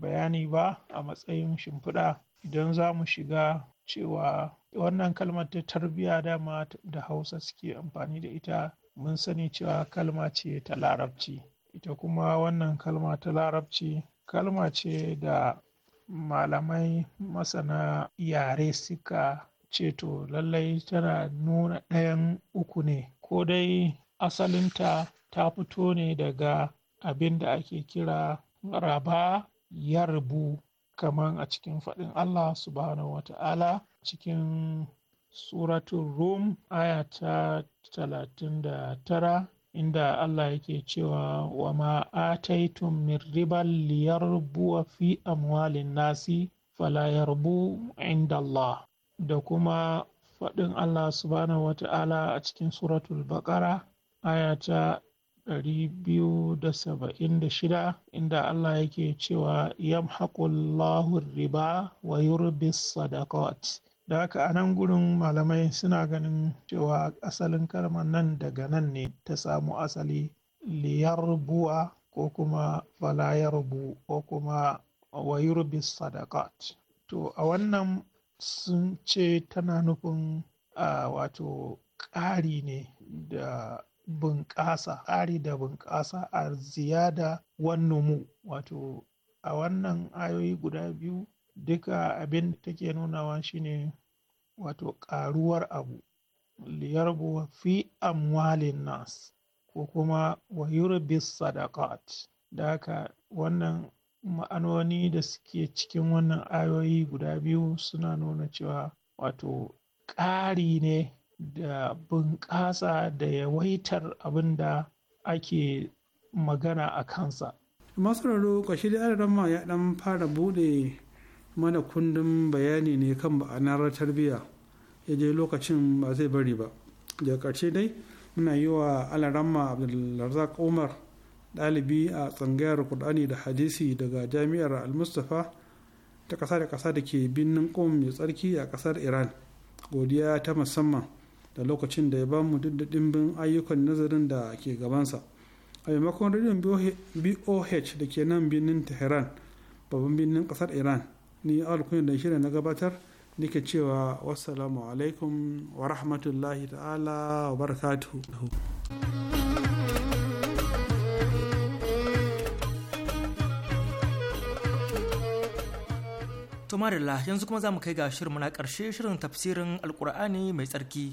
bayani ba a matsayin shimfiɗa idan za mu shiga cewa wannan kalmar ta tarbiyya dama da hausa suke amfani da ita mun sani cewa kalma ce ta larabci ita kuma wannan kalma ta larabci kalma ce da malamai masana yare suka ce to lallai tana nuna ɗayan uku ne ko dai asalinta ta fito ne daga abin da ake kira raba ya rubu kamar a cikin faɗin Allah subhanahu wata'ala cikin suratun Rum aya ta talatin da tara inda Allah yake cewa wa ma taitun min liyar liyarbuwa fi amwalin nasi fala yarbu inda Allah da kuma faɗin Allah subhanahu wata'ala a cikin suratul baƙara aya ta 276 inda Allah yake cewa yamhaqullahu riba wa yurbis sadaqat da haka a nan gurin malamai suna ganin cewa asalin kalmar nan daga nan ne ta samu asali liyar buwa ko kuma falayar bu ko kuma wayurbis sadaqat to a wannan sun ce tana nufin a wato ƙari ne da bunƙasa ƙari da bunƙasa a ziyada mu wato a wannan ayoyi guda biyu duka abin da take nunawa shine wato ƙaruwar abu liyarbu fi amwalin nas ko kuma wa yurbis sadaqat da haka wannan ma'anoni da suke cikin wannan ayoyi guda biyu suna nuna cewa wato ƙari ne da bunƙasa da yawaitar abin da ake magana a kansa. masararru kashi da ma ya dan fara bude mana kundin bayani ne kan ba'anar tarbiyya ya je lokacin ba zai bari ba da ƙarshe dai muna yi wa alarama abdullarzak umar ɗalibi a tsangayar kur'ani da hadisi daga jami'ar al-mustapha ta ƙasa da ƙasa da ke birnin ƙom mai tsarki a ƙasar iran godiya ta musamman da lokacin da ya ba mu duk ɗimbin ayyukan nazarin da ke gabansa a maimakon rediyon boh da ke nan birnin tehran babban birnin kasar iran ni alkunyar da shirin na gabatar nake cewa wassalamu alaikum wa rahmatullahi ta'ala wa barakatuhu to yanzu kuma za mu kai ga shirin na ƙarshe shirin tafsirin alkur'ani mai tsarki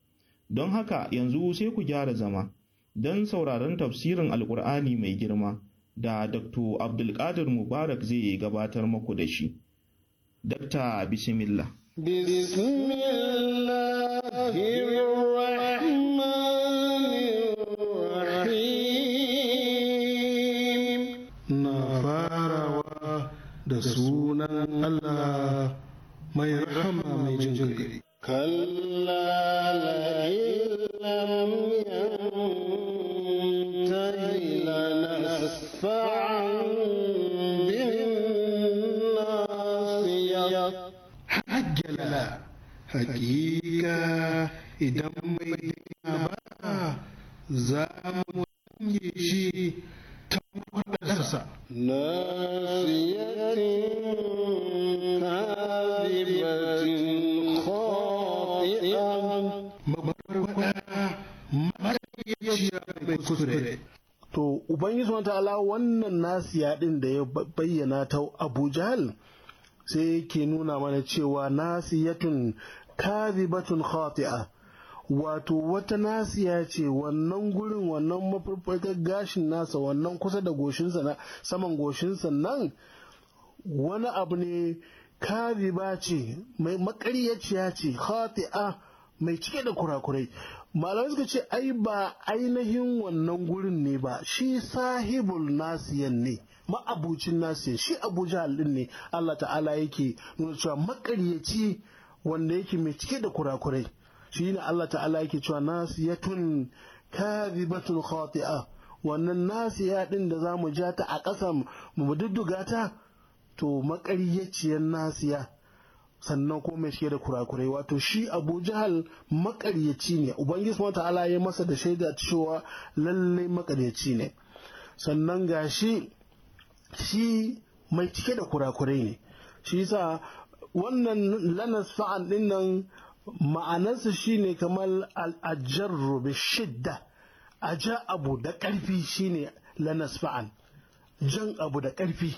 don haka yanzu sai ku gyara zama don sauraron tafsirin alkur'ani mai girma da dr abdulkadir mubarak zai gabatar maku da shi dr bismillah na farawa da sunan allah mai rahama mai jin كلا لئن لم ينته لنسفعا بالناصية عجل حقيقة إذا ما ba za mu To mai kuskure to ubangiji ta'ala wannan nasiya din da ya bayyana ta Abu Jahal sai yake nuna mana cewa nasiyatun batun khati'a wato wata nasiya ce wannan gurin wannan mafarfakar gashin nasa wannan kusa da goshinsa na saman goshinsa nan wani abu ne ba ce mai makaryaciya ce khati'a mai cike da kurakurai malamai suka ce ai ba ainihin wannan gurin ne ba shi sahibul nasiyan ne ma'abucin nasiyan shi abuja halin ne Allah ta'ala yake nuna cewa makaryaci wanda yake mai cike da kurakurai shi ne Allah ta'ala yake cewa nasiyatun kazibatul khati'a wannan nasiya din da za mu ja ta a ƙasa mu dudduga ta to makaryaciyar nasiya sannan ko mai shige da kurakurai wato shi abu jahal makaryaci ne ubangiji mata ta'ala ya masa da shaida cewa lallai makaryaci ne sannan ga shi shi mai cike da kurakurai ne shi sa wannan lanas fa'an din nan ma'anarsa ne kamar al'ajarru bi shidda aja abu da ƙarfi ne lanas fa'al jan abu da ƙarfi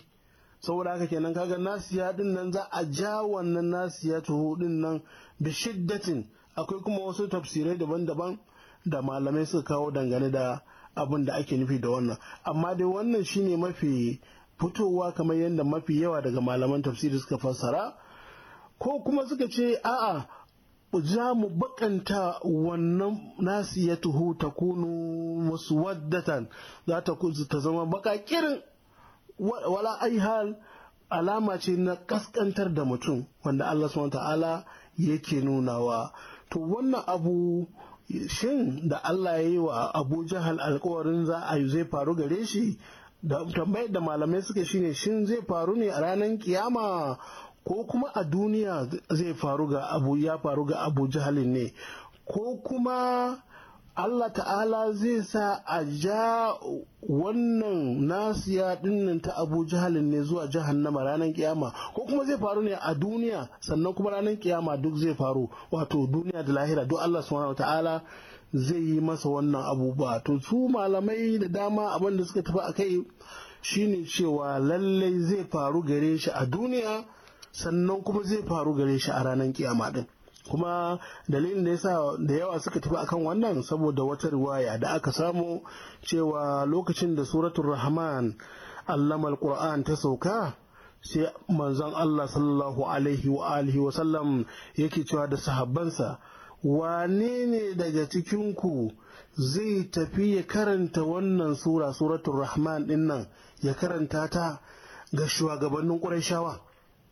saboda haka kenan kaga nasiya din nan za a ja wannan nasiya tuhu din nan da shiddatin akwai kuma wasu tafsirai daban-daban da malamai suka kawo dangane da abin da ake nufi da wannan amma dai wannan shine mafi fitowa kamar yadda mafi yawa daga malaman tafsiri suka fassara ko kuma suka ce a'a za mu bakanta wannan ta kunu musu muswaddatan za ta zama baka kirin wala aihal alama ce na kaskantar da mutum wanda Allah subhanahu ta'ala yake nunawa to wannan abu shin da Allah ya yi wa Abu Jahal alkawarin za a yi zai faru gare shi da tambayar da malamai suka shine shin zai faru ne a ranar kiyama ko kuma a duniya zai faru ga abu ya faru ga Abu jihar ne ko kuma Allah ta'ala zai sa a ja wannan nasiya dinnan ta abu jahalin ne zuwa jahannama ranar kiyama ko kuma zai faru ne a duniya sannan kuma ranar kiyama duk zai faru wato duniya da lahira duk Allah subhanahu ta'ala zai yi masa wannan abubuwa to su malamai da dama abin da suka tafi a kai shine cewa lallai zai faru gare shi a duniya sannan kuma zai faru gare shi a ranar kiyama din kuma dalilin da yasa da yawa suka tafi akan wannan saboda wata riwaya da aka samu cewa lokacin da suratun rahman allama alquran ta sauka sai manzon Allah sallallahu alaihi wa alihi wa sallam yake cewa da sahabbansa wane ne daga cikinku zai tafi ya karanta wannan sura suratul rahman dinnan ya karanta ta ga shugabannin ƙurashawa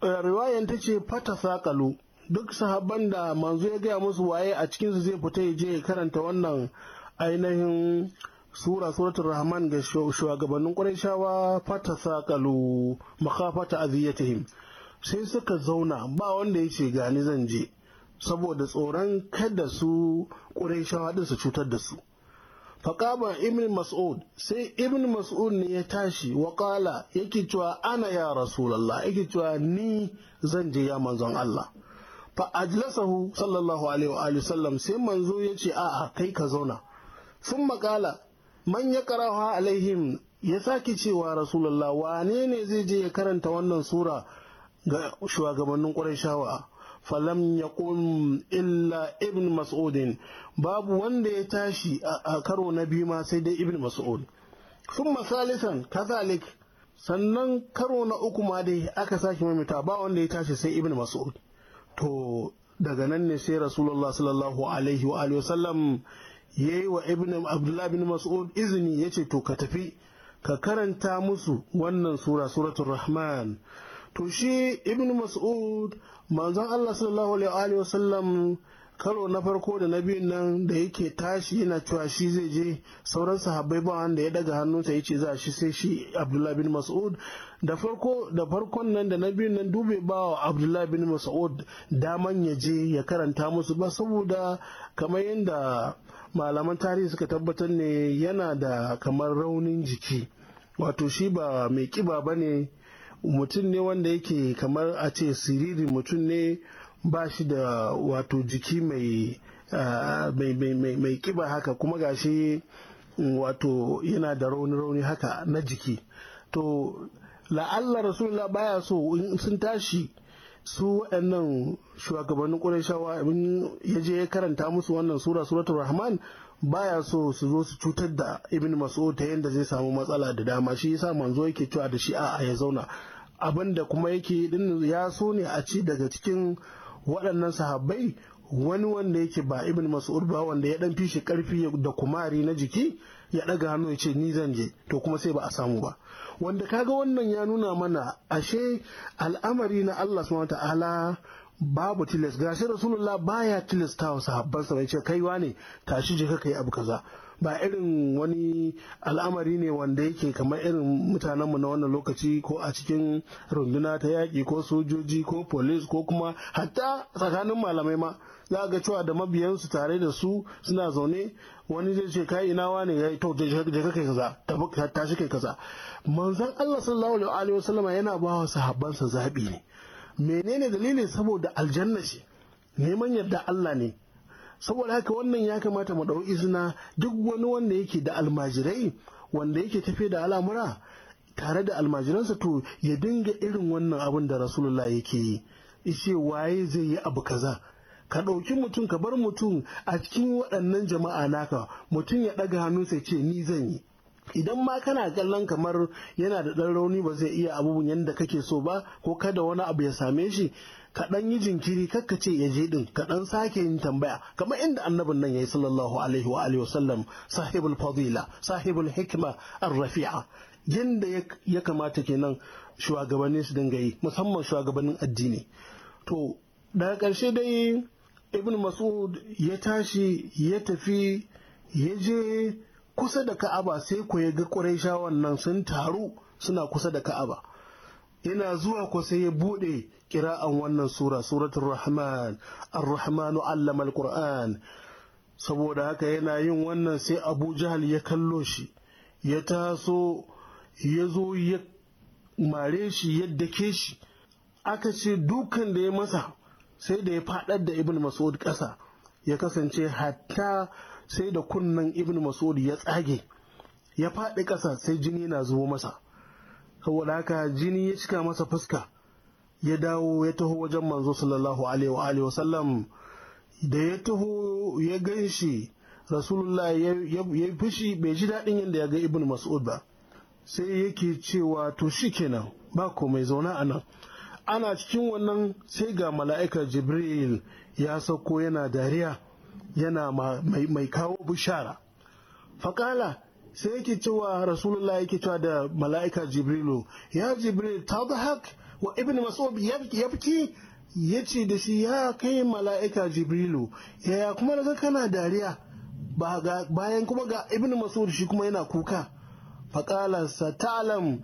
eh, riwayan ta ce fata saƙalu duk sahabban da manzo ya gaya musu waye a cikin su zai fita ya je ya karanta wannan ainihin sura suratul rahman ga shugabannin ƙwarishawa fata sakalu makafata aziyatihim sai suka zauna ba wanda ya ce gani zan je saboda tsoron kada su ƙurayshawa din su cutar da su faƙaba ibn mas'ud sai ibn mas'ud ne ya tashi waƙala yake cewa ana ya rasulallah yake cewa ni zan je ya manzon Allah fa ajlasahu sallallahu alaihi wa sallam sai manzo ya ce a'a kai ka zauna sun makala man ya karawa alaihim ya sake cewa rasulullah wane ne zai je ya karanta wannan sura ga shugabannin ƙurashawa falam ya illa ibn mas'udin babu wanda ya tashi a karo na biyu ma sai dai ibn mas'ud sun masalisan kazalik sannan karo na uku ma dai aka sake mamita ba wanda ya tashi sai ibn mas'ud to daga nan ne sai rasulullah sallallahu alaihi wa alihi wasallam ya yi wa ibn abdullah bin mas'ud izini ya ce to ka tafi ka karanta musu wannan sura suratul rahman to shi ibn mas'ud manzon allah sallallahu alaihi wa alihi wasallam karo na farko da na biyun nan da yake tashi yana cewa shi zai je sauran sahabbai ba wanda ya daga hannunsa ya ce za shi sai shi abdullahi bin mas'ud da farko da farkon nan da na biyun nan dube ba wa abdullahi bin mas'ud daman ya je ya karanta musu ba saboda kamar yadda malaman tarihi suka tabbatar ne yana da kamar raunin jiki wato shi ba mai kiba ba ne mutum ne wanda yake kamar a ce siriri mutum ne ba shi da wato jiki mai ah, mai kiba haka kuma gashi mm, wato yana da rauni-rauni haka na jiki to la'alla rasulullah baya so in sun tashi su waɗannan shugabannin shawa in ya je ya karanta musu wannan sura suratul rahman baya so su zo su cutar da ibn Mas'u ta yadda zai samu matsala da dama shi yasa manzo yake cewa da shi a'a ya zauna abin da kuma yake din ya so ne a ci daga cikin waɗannan sahabbai wani wanda yake ba ibn mas'ud ba wanda ya dan fishi karfi da kumari na jiki ya ɗaga hannu ya ce ni zan je to kuma sai ba a samu ba wanda kaga wannan ya nuna mana ashe al'amari na Allah subhanahu ta'ala babu tilas gashi rasulullah baya tilastawa sahabban sahabbansa bai ce kaiwa ne tashi je ka kai abu kaza ba irin wani al'amari ne wanda yake kamar irin mutanenmu na wannan lokaci ko a cikin runduna ta yaƙi ko sojoji ko polis ko kuma hatta tsakanin malamai ma za ga cewa da mabiyansu tare da su suna zaune wani zai ce kai ina ne ya yi to je kai kaza tashi kai kaza manzon Allah sallallahu alaihi wasallam yana ba wa sahabbansa zabi ne menene dalilin saboda aljanna ce neman yadda Allah ne saboda haka wannan ya kamata mu ɗau izina duk wani wanda yake da almajirai wanda yake tafe da al'amura tare da almajiransa to ya dinga irin wannan abin da rasulullah yake yi ishe waye zai yi abu kaza ka ɗauki mutum ka bar mutum a cikin waɗannan jama'a naka mutum ya ɗaga hannun sai ce ni zan yi idan ma kana kallon kamar yana da ɗan rauni ba zai iya abubuwan yadda kake so ba ko kada wani abu ya same shi Kaɗan yi jinkiri kakka ce ya je ɗin kaɗan sake yin tambaya kamar inda annabin nan ya yi sallallahu alaihi wa alihi wasallam sahibul fadila sahibul hikima arrafi'a yadda ya kamata kenan shugabanni su dinga yi musamman shugabannin addini to daga ƙarshe dai ibn mas'ud ya tashi ya tafi ya je kusa da ka'aba sai ku ya ga ƙurayshawan nan sun taru suna kusa da ka'aba ina zuwa ko sai ya buɗe kira'an wannan sura suratul rahman ar-rahmanu allama al-qur'an saboda haka yana yin wannan sai abu jahal ya kallo shi ya taso ya zo ya mare shi yadda ke shi aka ce dukan da ya masa sai da ya faɗar da ibn mas'ud ƙasa ya kasance hatta sai da kunnan ibn mas'ud ya tsage ya faɗi ƙasa sai jini na zuwa masa saboda haka jini ya cika masa fuska ya dawo ya taho wajen manzo sallallahu alaihi wa sallam da ya taho ya gan shi rasulullah ya fushi bai ji daɗin yadda ya ga ibn mas'ud ba sai yake cewa to shi kenan ba komai zauna a nan ana cikin wannan sai ga mala'ikar jibril ya sauko yana dariya yana mai kawo bishara faƙala sai yake cewa rasulullah yake cewa da mala'ika jibrilu ya jibril tadhak wa ibn mas'ud yabki yace da shi ya kai mala'ika jibrilu yaya kuma daga kana dariya bayan kuma ga ibn mas'ud shi kuma yana kuka faƙala ta ta'lam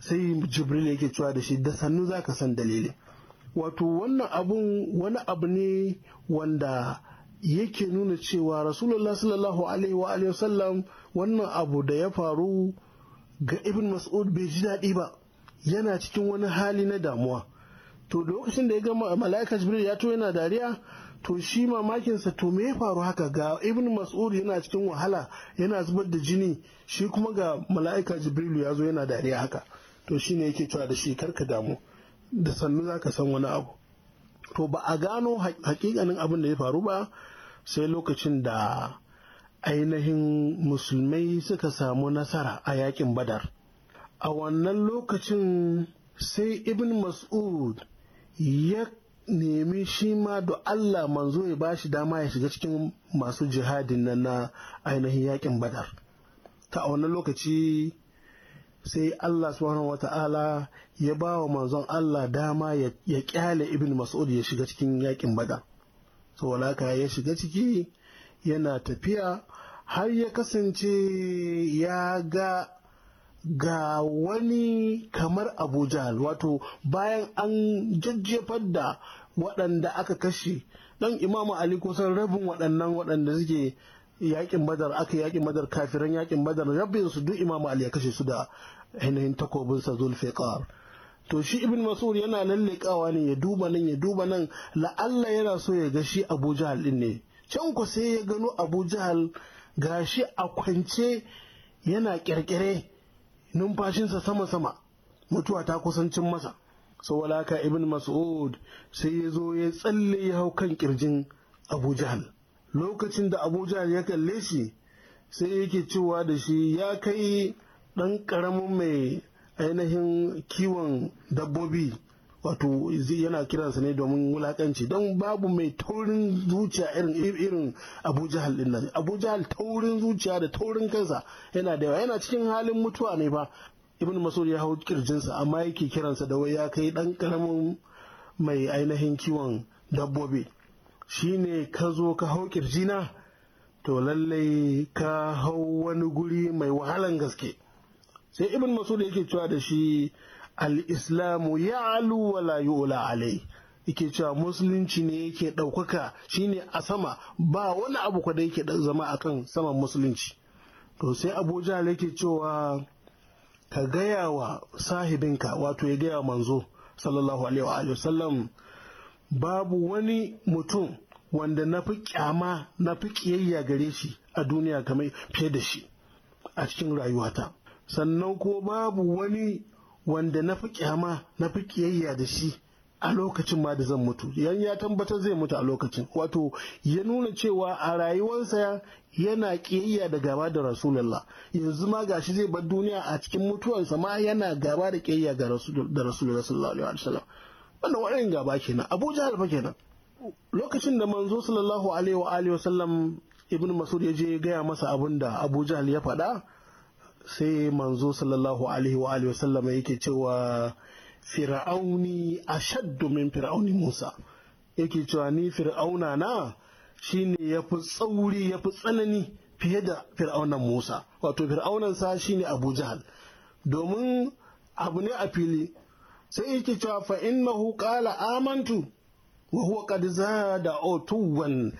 sai jibril yake cewa da shi da sannu zaka san dalili wato wannan abun wani abu ne wanda yake nuna cewa rasulullah sallallahu alaihi wa sallam wannan abu da ya faru ga ibn mas'ud bai ji daɗi ba yana cikin wani hali na damuwa to lokacin da ya ga mala'ika jibril ya to yana dariya to shi mamakinsa to me ya faru haka ga ibn mas'ud yana cikin wahala yana zubar da jini shi kuma ga mala'ika jibrilu ya zo yana dariya haka to shi ne yake cewa da shi karka damu da sannu zaka san wani abu to ba a gano hakikanin abin da ya faru ba sai lokacin da ainihin musulmai suka samu nasara a yakin badar a wannan lokacin sai ibn mas'ud ya nemi shi ma da Allah manzo ya bashi dama ya shiga cikin masu jihadin nan na ainihin yakin badar ta a wannan lokaci sai Allah subhanahu wata'ala ya ba wa manzon Allah dama ya kyale ibn mas'ud ya shiga cikin yakin badar so walaka ya shiga ciki yana tafiya har ya kasance ya ga ga wani kamar Abuja wato bayan an jajjefar da waɗanda aka kashe ɗan imamu ali kusan rabin waɗannan waɗanda suke yakin badar aka yakin badar kafiran yakin badar rabin su duk imamu ali ya kashe su da ainihin takobinsa zulfiqar to shi ibn mas'ud yana lallekawa ne ya duba nan ya duba nan la'alla yana so ya ga shi abu ɗin ne can ku sai ya gano abu jahal gashi a kwance yana ƙirƙire numfashinsa sama-sama mutuwa ta kusancin masa sawalaka ibn mas'ud sai ya zo ya tsalle ya hau kan kirjin abu jahal lokacin da abu jahal ya kalle shi sai yake cewa da shi ya kai ɗan ƙaramin mai ainihin kiwon dabbobi wato yana kiransa ne domin wulakanci don babu mai taurin zuciya irin irin abu jahal din nan abu taurin zuciya da taurin kansa yana da yawa yana cikin halin mutuwa ne ba. ibn masud ya hau kirjinsa amma yake kiransa da wai ya kai dan karamin mai ainihin kiwon dabbobi shine ka zo ka hau kirjina to lallai ka hau wani guri mai wahalan gaske sai ibn masud yake cewa da shi al ya ya'lu wa la alai yake cewa musulunci ne yake ɗaukaka shine a sama ba wani abu kwa da yake zama a kan saman musulunci to sai abu jihar yake cewa ka gaya wa sahibinka wato ya gaya manzo sallallahu alaihi wa sallam babu wani mutum wanda na fi kyama na fi kiyayya gare shi a duniya kamar fiye da shi a cikin rayuwata sannan ko babu wani wanda na fi ƙyama na fi kiyayya da shi a lokacin ma da zan mutu yan ya tabbatar zai mutu a lokacin wato ya nuna cewa a rayuwarsa yana kiyayya da gaba da rasulullah yanzu ma gashi zai bar duniya a cikin mutuwarsa ma yana gaba da kiyayya ga da rasulullah sallallahu alaihi wasallam wannan gaba kenan abu jahal fa kenan lokacin da manzo sallallahu alaihi wa alihi wasallam ibnu masud ya je ya gaya masa abun da abu jahal ya faɗa sai manzo sallallahu alaihi wa alihi wasallam yake cewa fir'auni ashaddu min fir'auni Musa yake cewa ni fir'auna na shine yafi tsauri yafi tsanani fiye da fir'aunan Musa wato fir'aunan sa shine Abu Jahal domin abu ne a fili sai yake cewa fa innahu qala amantu wa huwa qad zada utuwan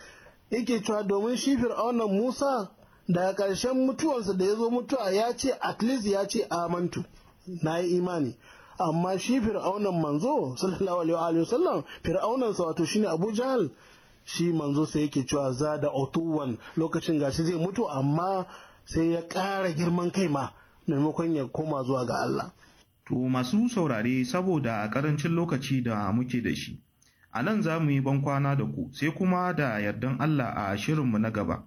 yake cewa domin shi fir'aunan Musa daga ƙarshen mutuwansa da ya zo mutuwa ya ce at least ya ce amantu na yi imani amma shi fir'aunan manzo sallallahu alaihi wa sallam fir'aunan sa wato shine Abu Jahal shi manzo sai yake cewa za da otuwan lokacin gashi zai mutu amma sai ya ƙara girman kai ma maimakon ya koma zuwa ga Allah to masu saurare saboda karancin lokaci da muke da shi a nan za mu yi bankwana da ku sai kuma da yardan Allah a shirinmu na gaba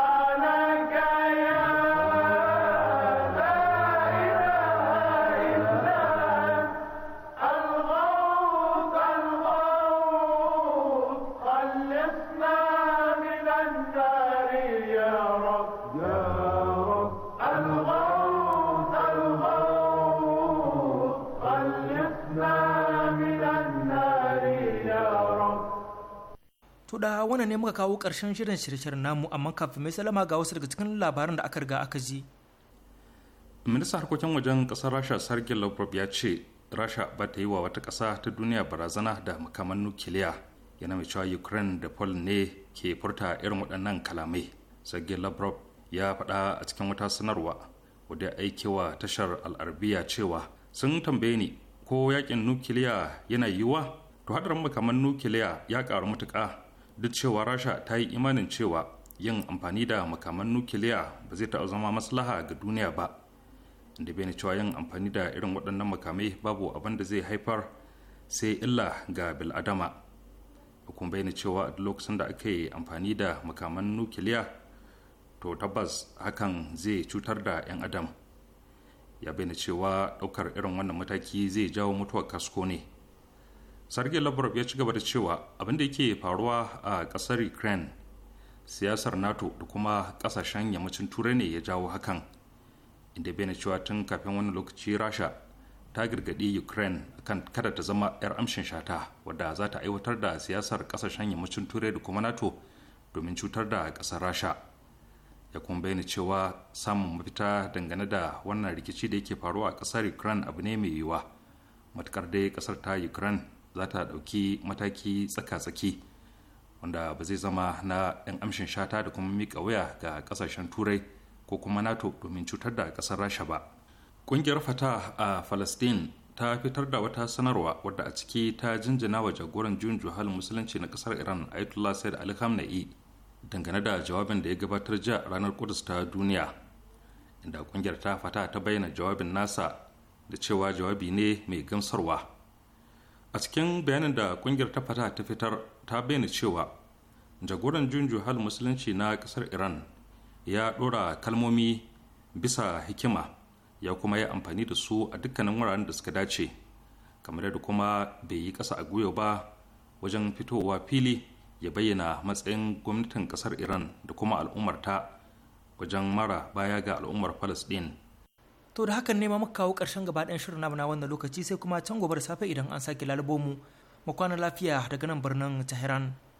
To da wannan ne muka kawo ƙarshen shirin shirye-shiryen namu amma kafin mai salama ga wasu daga cikin labaran da aka riga aka ji. Ministan harkokin wajen ƙasar Rasha Sergei Lavrov ya ce Rasha ba ta yi wa wata ƙasa ta duniya barazana da makaman nukiliya yana mai cewa Ukraine da Poland ne ke furta irin waɗannan kalamai. Sergei Lavrov ya faɗa a cikin wata sanarwa wadda wa tashar al'arbiya cewa sun tambaye ni ko yakin nukiliya yana yiwuwa to haɗarin makaman nukiliya ya karu matuƙa duk cewa rasha ta yi imanin cewa yin amfani da makaman nukiliya ba zai taɓa zama maslaha ga duniya ba da bai cewa yin amfani da irin waɗannan makamai babu abin da zai haifar sai illa ga bil'adama hukun bayyana cewa a lokacin da aka yi amfani da makaman nukiliya to tabbas hakan zai cutar da 'yan adam ya bayyana cewa ɗaukar irin wannan mataki zai jawo mutuwar kasko ne sarki lavrov ya ci gaba da cewa abin da yake faruwa a kasar ukraine siyasar nato da kuma ƙasashen yammacin turai ne ya jawo hakan inda bai na cewa tun kafin wani lokaci rasha ta girgadi ukraine kan kada ta zama 'yar amshin shata wadda za ta aiwatar da siyasar ƙasashen yammacin turai da kuma nato domin cutar da ƙasar rasha ya kuma bayyana cewa samun mafita dangane da wannan rikici da yake faruwa a ƙasar ukraine abu ne mai yiwuwa matukar dai kasar ta ukraine za ta ɗauki mataki tsaka-tsaki wanda ba zai zama na 'yan amshin shata da kuma mika waya ga ƙasashen turai ko kuma nato domin cutar da ƙasar rasha ba ƙungiyar fata a falastin ta fitar da wata sanarwa wadda a ciki ta jinjina wa jagoran juyin juhal musulunci na ƙasar iran ayatollah said ali khamenei dangane da jawabin da ya gabatar jiya ranar kudus ta duniya inda ƙungiyar ta fata ta bayyana jawabin nasa da cewa jawabi ne mai gamsarwa a cikin bayanin da kungiyar ta fata ta fitar ta bayyana cewa jagoran junju hal musulunci na kasar iran ya ɗora kalmomi bisa hikima ya kuma yi amfani da su a dukkanin wuraren da suka dace kamar da kuma bai yi kasa a gwiwa ba wajen fitowa fili ya bayyana matsayin gwamnatin ƙasar iran da kuma al'ummarta wajen mara baya ga al'ummar palestine to da hakan ne ma muka kawo ƙarshen gaba ɗayan shirin namu na wannan lokaci sai kuma can gobe da safe idan an sake lalubo mu mu kwana lafiya daga nan birnin Tehran